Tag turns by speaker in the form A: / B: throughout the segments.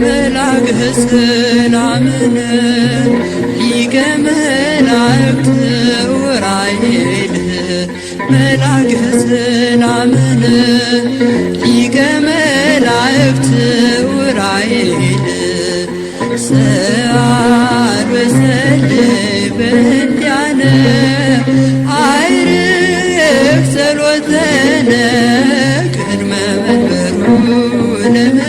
A: መላክ ሊቀ መላእክት ዑራኤል ሊቀ መላእክት ዑራኤል ሰዓር ጸሎተነ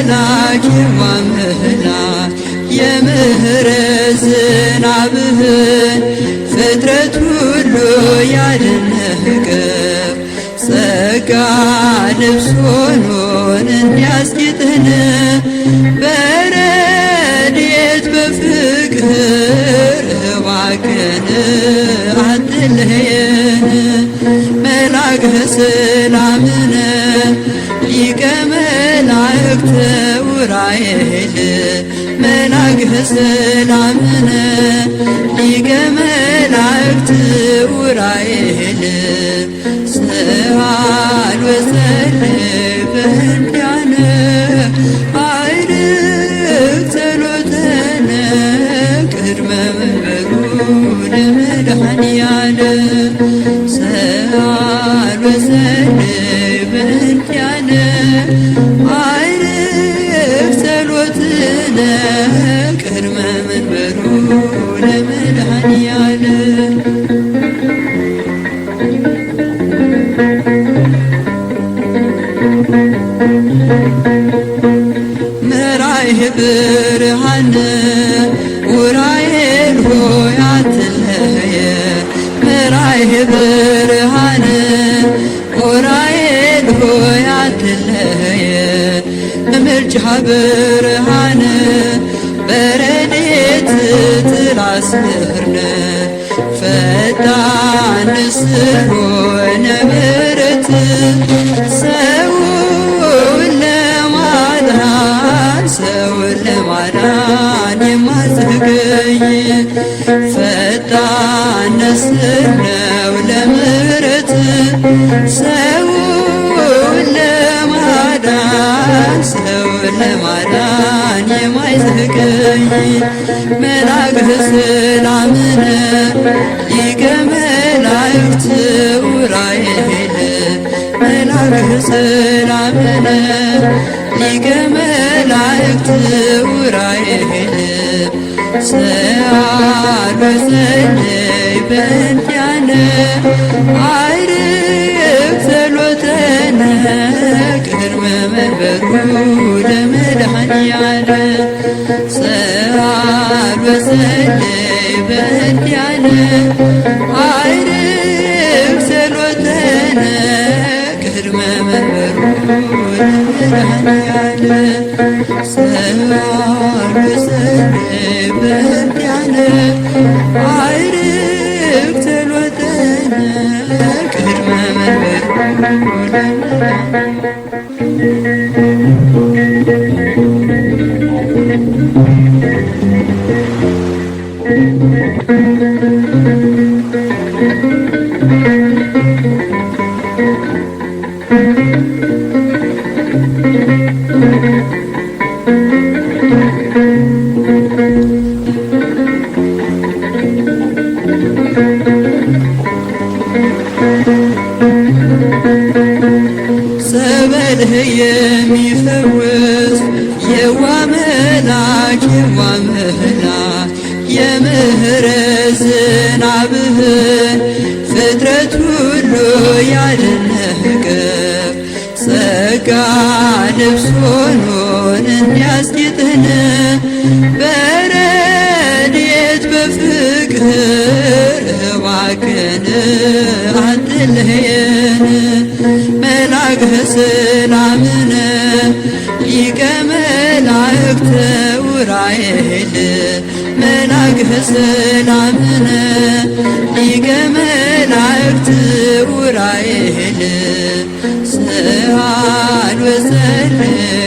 A: አምላክ የዋምህላት የምህረት ዝናብህን ፍጥረት ሁሉ ያደነቀው ጸጋ ልብስ ሆኖን እንዲያስጌጥህን በረድኤት በፍቅር እባክህን አትለየን መላከ ሰላምን መላእክተ ኡራኤል መላእክተ ሰላምነ ሊቀ መላእክተ ኡራኤል ሰዓል ወሰልፍ እንዲያነ ፈጣንስ ሆነ ምሕረት ሰውን ለማዳን ሰውን ለማዳን የማትገኝ ፈጣንስ መላእክተ ሰላምነ ሊቀ መላእክት ሰላምነ በእንቲአነ አይርግ ጸሎተነ ቅድመ መንበሩ በሰኔ በህያነ አይርም ሰሎተነ ቅድመ መንበሩ ለብርሃን ያለ ሰዋር በሰኔ በህያነ አይርም ሰሎተነ ቅድመ መንበሩ ለብርሃን ጸበልህ የሚፈውስ የዋ መላክ የዋ መላክ የምህረት ዝናብህን ፍጥረት ሁሉ ያደነቀ ጸጋ ልብስ ሆኖን እንዲያስጌጥህን ፍቅር እባክን አትለየን። መላከ ሰላምነ ሊቀ መላእክተ ዑራኤል መላከ ሰላምነ ሊቀ መላእክተ ዑራኤል ሰአል ወሰለም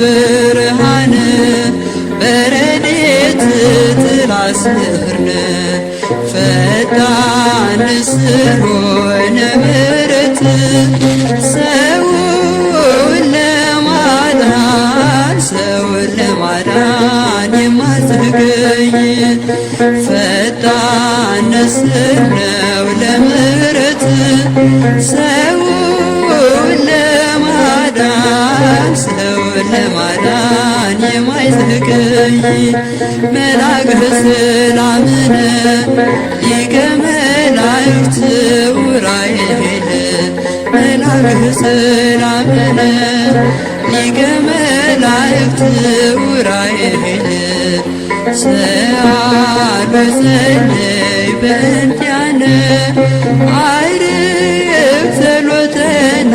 A: ብርሃን በረድኤት ጥላ ስርነ ፈጣን ስለሆነ ምሕረት ሰውን ለማዳን ሰውን ለማዳን የማትገኝ ፈጣን ማዳን የማይዘገይ መላከ ሰላምነ ሊቀ መላእክት ኡራኤል መላከ ሰላምነ ሊቀ መላእክት ኡራኤል ሰዓል በጸለይ በእንቲአነ አይርግ ጸሎተነ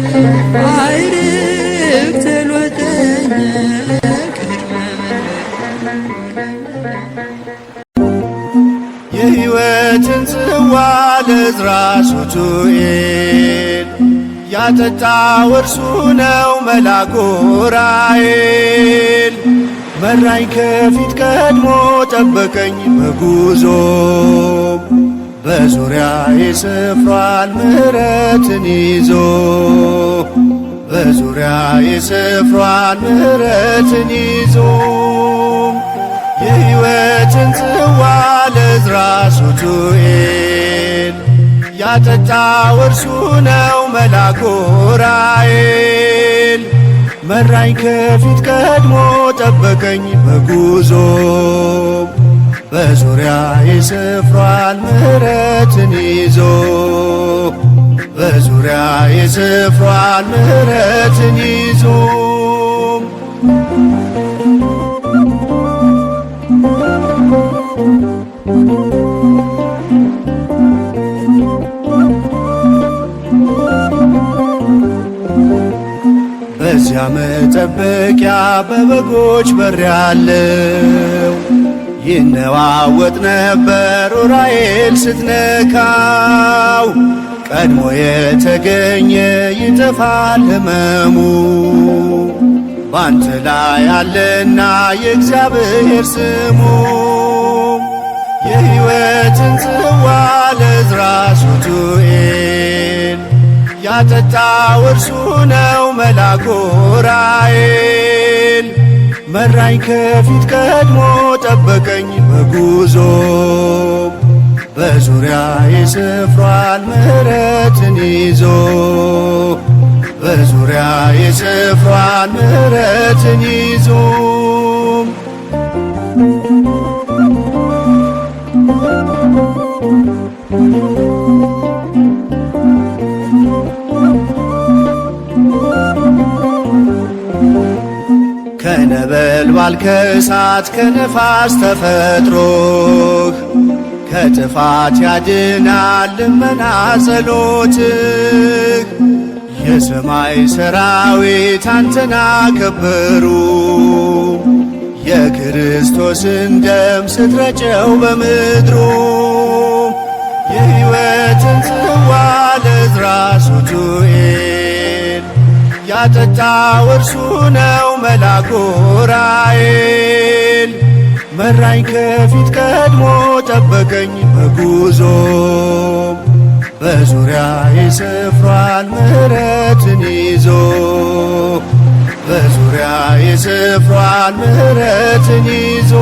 B: ያዋል ዕዝራ ሱቱኤል ያጠጣው እርሱ ነው መልአኩ ኡራኤል። መራኝ ከፊት ቀድሞ ጠበቀኝ በጉዞ በዙሪያ የስፍሯል ምሕረትን ይዞ በዙሪያ የስፍሯል ምሕረትን ይዞ የሕይወትን ጽዋ ለዕዝራ ሱቱኤል ያጠጣው እርሱ ነው መላኩ ኡራኤል። መራኝ ከፊት ቀድሞ ጠበቀኝ በጉዞ በዙሪያ ይስፍሯል ምሕረትን ይዞ በዙሪያ ይስፍሯል ምሕረትን ይዞ በዚያ መጠበቂያ በበጎች በር ያለው ይነዋወጥ ነበር ዑራኤል ስትነካው ቀድሞ የተገኘ ይጠፋል ህመሙ ባንተ ላይ አለና የእግዚአብሔር ስሙ የሕይወትን ጽዋ ለዝራ ያጠጣው እርሱ ነው መላኩ ራኤል መራኝ ከፊት ቀድሞ ጠበቀኝ በጉዞ በዙሪያዬ ሰፍሯል ምሕረትን ይዞ በዙሪያዬ ሰፍሯል ምሕረትን ይዞ ከነበልባል ከእሳት ከነፋስ ተፈጥሮህ ከጥፋት ያድናል ልመና ጸሎትህ የሰማይ ሰራዊት አንተን አከበሩ የክርስቶስን ደም ስትረጨው በምድሩ ጽዋለ ዕዝራ ሱቱኤል ያጠጣው እርሱ ነው መልአኩ ኡራኤል። መራኝ ከፊት ቀድሞ ጠበቀኝ በጉዞ በዙሪያ ይስፍሯል ምሕረትን ይዞ በዙሪያ ይስፍሯል ምሕረትን ይዞ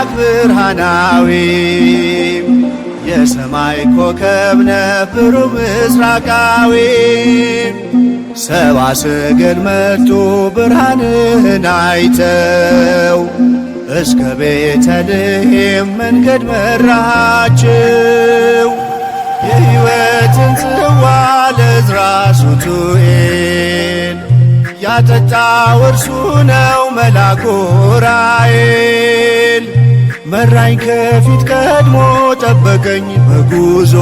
B: አምላክ ብርሃናዊ የሰማይ ኮከብ ነፍሩ ምስራቃዊ ሰባ ሰገል መጡ ብርሃንህን አይተው እስከ ቤተልሔም መንገድ መራሃቸው። የሕይወትን ጽዋ ለዕዝራ ሱቱኤል ያጠጣው እርሱ ነው መልአኩ ራኤል መራኝ ከፊት ቀድሞ ጠበቀኝ በጉዞ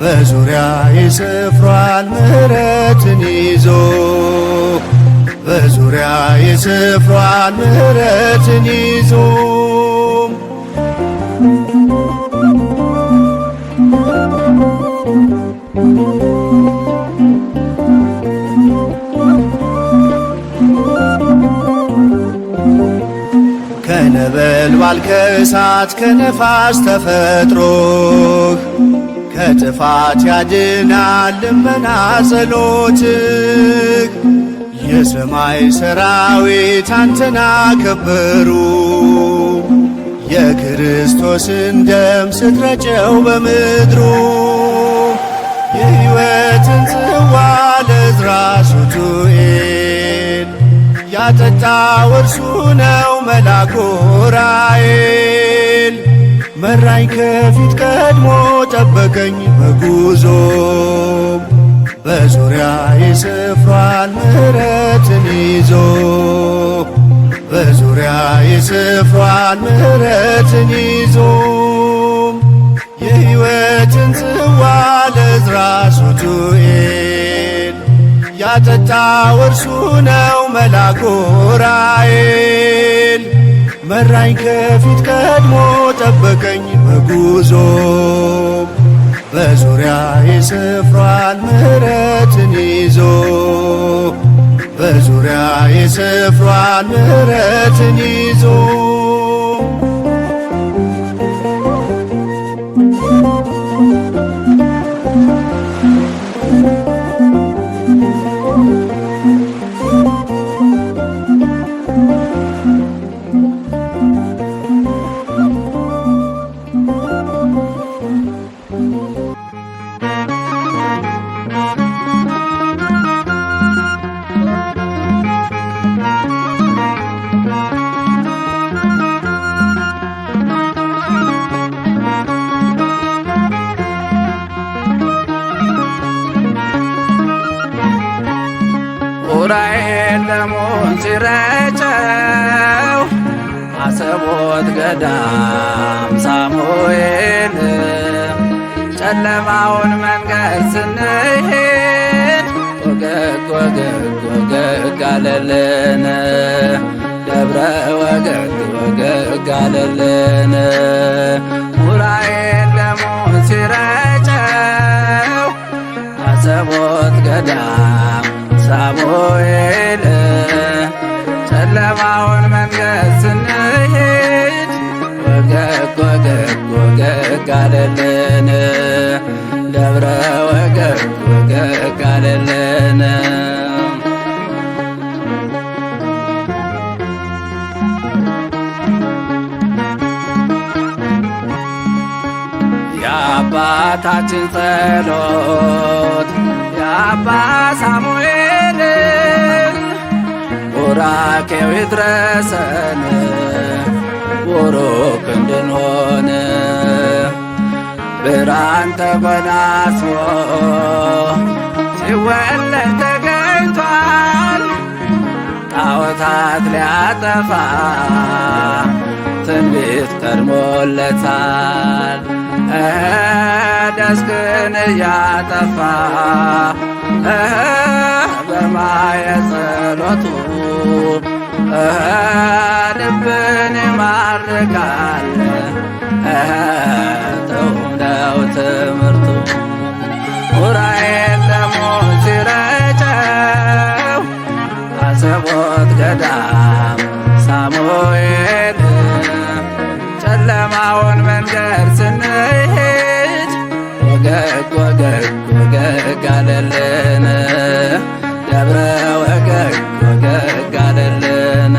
B: በዙሪያ የስፍሯል ምሕረትን ይዞ በዙሪያ የስፍሯል ምሕረትን ይዞ ከነበልባል ከእሳት ከነፋስ ተፈጥሮህ ከጥፋት ያድናል ልመና ጸሎትህ። የሰማይ ሰራዊት አንተና ከበሩ የክርስቶስን ደም ስትረጨው በምድሩ የሕይወትን ጽዋ ለዝራሱቱኤ ያጠጣው እርሱ ነው መላኩ ራኤል መራኝ ከፊት ቀድሞ ጠበቀኝ በጉዞ በዙሪያ ይስፍሯል ምሕረትን ይዞ በዙሪያ ይስፍሯል ምሕረትን ይዞ የሕይወትን ጽዋ ለዕዝራ ሱቱኤል ያጠጣው እርሱ ነው መላኩ ኡራኤል። መራኝ ከፊት ቀድሞ ጠበቀኝ በጉዞ በዙሪያ ሰፍሯል ምሕረትን ይዞ በዙሪያ የስፍሯል ምሕረትን ይዞ ለወገግ ወገግ አለልን ዑራኤል ሲረጨው ገዳም ሳሙኤል ጨለማውን መንገድ ስንሄድ ወገግ ወገግ ወገግ አለልን የአባታችን ጸሎት የአባ ሳሙኤል ቡራኬው ይድረሰን ቡሩክ እንድንሆን ብርሃን ተጎናጽፎ ሲወለድ ተገኝቷል ጣዖታት ሊያጠፋ ትንቢት ቀድሞለታል። ደስክን እያጠፋ በማየ ጸሎቱ ልብን ይማርካል ተውነው ትምህርቱ ዑራኤል ደግሞ ሲረጨው አሰቦት ገዳም ሳሙኤል በቀናውን መንገድ ስንሄድ ወገግ ወገግ ወገግ አለልን ደብረ ወገግ ወገግ አለልን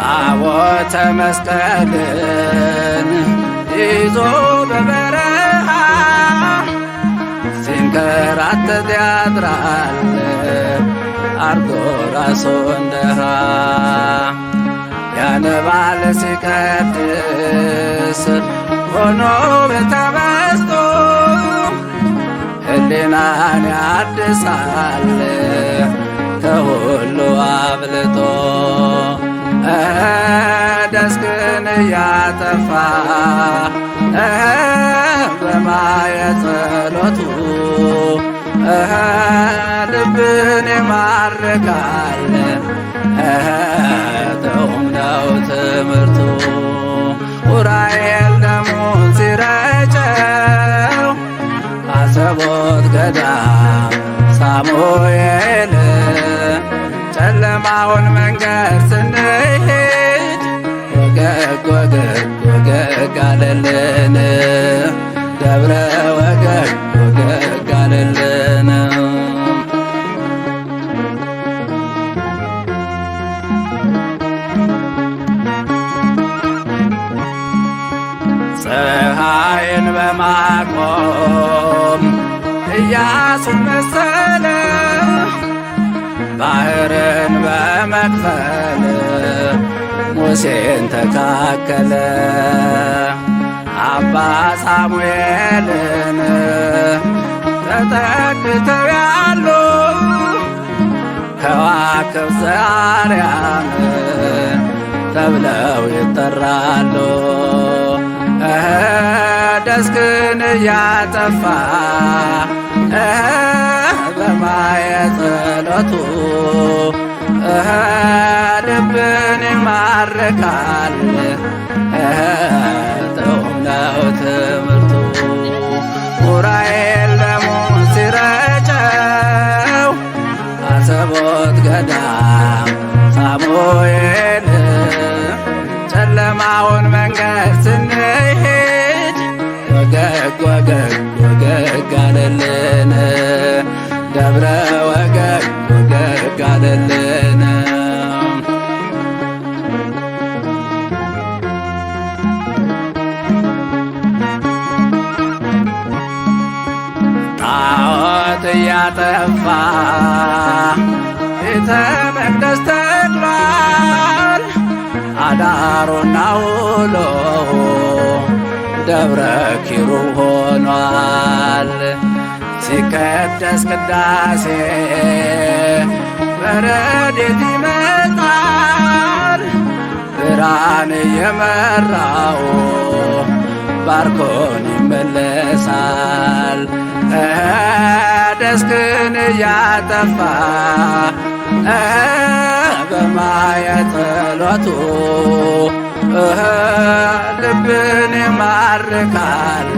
B: ታቦተ መስቀልን ይዞ በበ ሲራተት ያድራል አርጎ ራሶ እንደሃ ያነባለ ሲቀድስ ሆኖ በተመስጦ ሕሊናን ያድሳል ከሁሉ አብልጦ ደስክን እያጠፋ በማየ ጸሎቱ ልብን ማርካለ ሙሴን ተካከለ አባ ሳሙኤልን ተጠግተው ያሉ ከዋክብት ዘአርያም ተብለው ይጠራሉ። ደስክን እያጠፋ በማየ ጸሎቱ ልብን ይማርካል ጥዑም ነው ትምህርቱ ኡራኤል ደሙን ሲረጨው አሰቦት ገዳም ሳሙኤል ጨለማውን መንገድ ስንሄድ ወገግ ወገግ ወገግ አለልን ደብረ ወገግ ወገግ አለልን ጓሮና ውሎ ደብረ ኪሩ ሆኗል። ሲቀደስ ቅዳሴ በረድኤት ይመጣል ብርሃን የመራው ባርኮን ይመለሳል ደስክን እያጠፋ በማየ ጸሎቱ ልብን ማርካል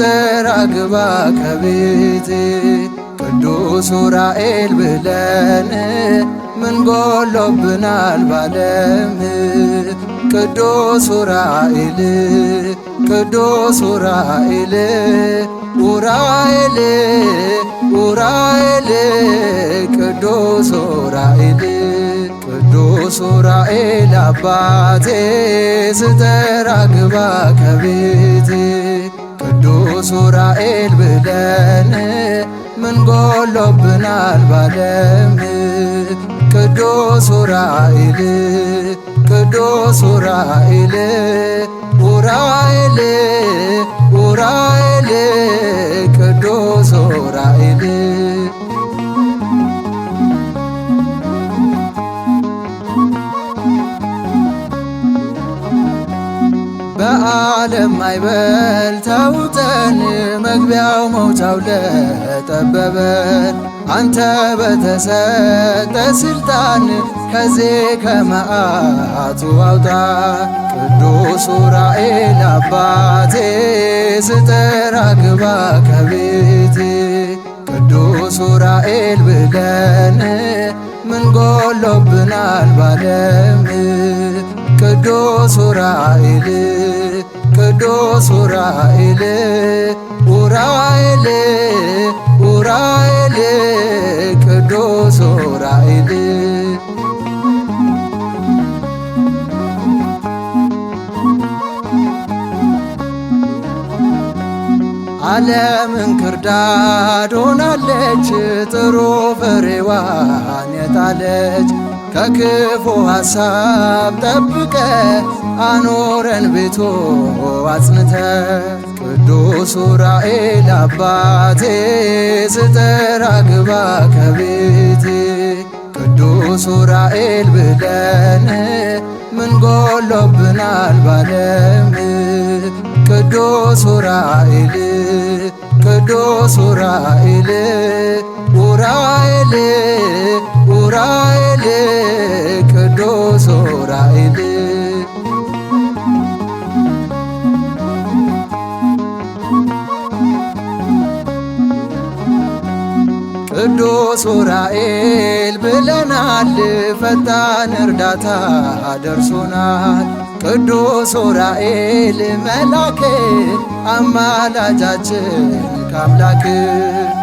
B: ሚስጥር አግባ ቅዱስ ኡራኤል ብለን ምን ጎሎብናል ባለም ቅዱስ ኡራኤል ቅዱስ ራኤል ኡራኤል ኡራኤል ቅዱስ ራኤል ቅዱስ ኡራኤል አባቴ ስጠራ ግባ ከቤቴ ቅዱስ ዑራኤል ብለን ምን ጎሎብናል ባለም ቅዱስ ዑራኤል ቅዱስ ዑራኤል ዑራኤል ዑራኤል ቅዱስ ዑራኤል ዓለም አይበል ተውጠን መግቢያው መውጫው ለጠበበን አንተ በተሰጠ ስልጣን ከዚህ ከመዓቱ አውጣ ቅዱስ ዑራኤል አባቴ ስጥራ ግባ ከቤቴ ቅዱስ ዑራኤል ብለን ምን ጎሎብናል ባለም ቅዱስ ኡራኤል ቅዱስ ኡራኤል ኡራኤል ኡራኤል ቅዱስ ኡራኤል ዓለምን ክርዳድ ሆናለች ጥሩ ፍሬዋን የጣለች ከክፉ ሐሳብ ጠብቀ አኖረን ቤቶ አጽንተ ቅዱስ ዑራኤል አባቴ ስጠራ ግባ ከቤቴ ቅዱስ ዑራኤል ብለን ምን ጎሎብናል ባለም ቅዱስ ዑራኤል ቅዱስ ኡራኤል ኡራኤል ኡራኤል ቅዱስ ኡራኤል ቅዱስ ኡራኤል ብለናል፣ ፈጣን እርዳታ ደርሶናል። ቅዱስ ኡራኤል መላኬ አማላጃችን ከአምላክ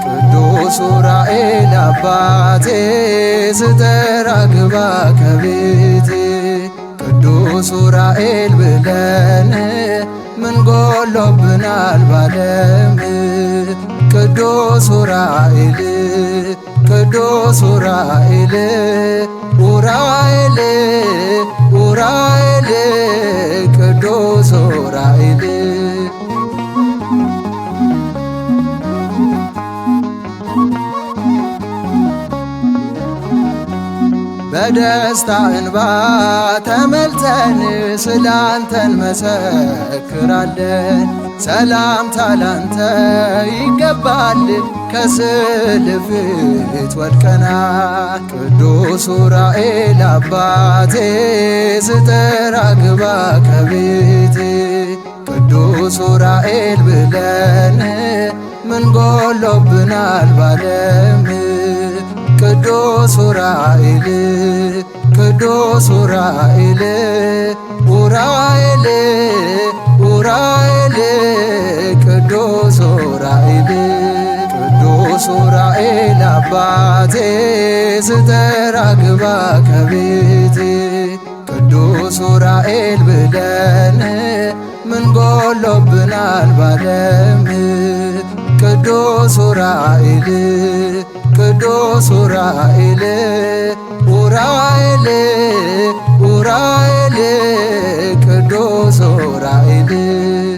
B: ቅዱስ ዑራኤል አባቴ ስጠራ ግባ ከቤቴ ቅዱስ ዑራኤል ብለን ምን ጎሎብናል ባለም ቅዱስ ዑራኤል ቅዱስ ዑራኤል ዑራኤል ዑራኤል ቅዱስ ዑራኤል በደስታ እንባ ተመልተን ስላንተን መሰክራለን። ሰላምታ ላንተ ይገባል፣ ከስልፍት ወድቀና ቅዱስ ዑራኤል አባቴ ስጥራ ግባ ከቤቴ ቅዱስ ዑራኤል ብለን ምን ጎሎብናል ባለም ቅዱስ ኡራኤል ቅዱስ ኡራኤል ኡራኤል ኡራኤል ቅዱስ ኡራኤል ቅዱስ ኡራኤል አባቴ ስጠራ ግባ ከቤቴ ቅዱስ ኡራኤል ብለን ምን ጎሎብናል ባለም ቅዱስ ኡራኤል ቅዱስ ኡራኤል ኡራኤል ኡራኤል ቅዱስ ኡራኤል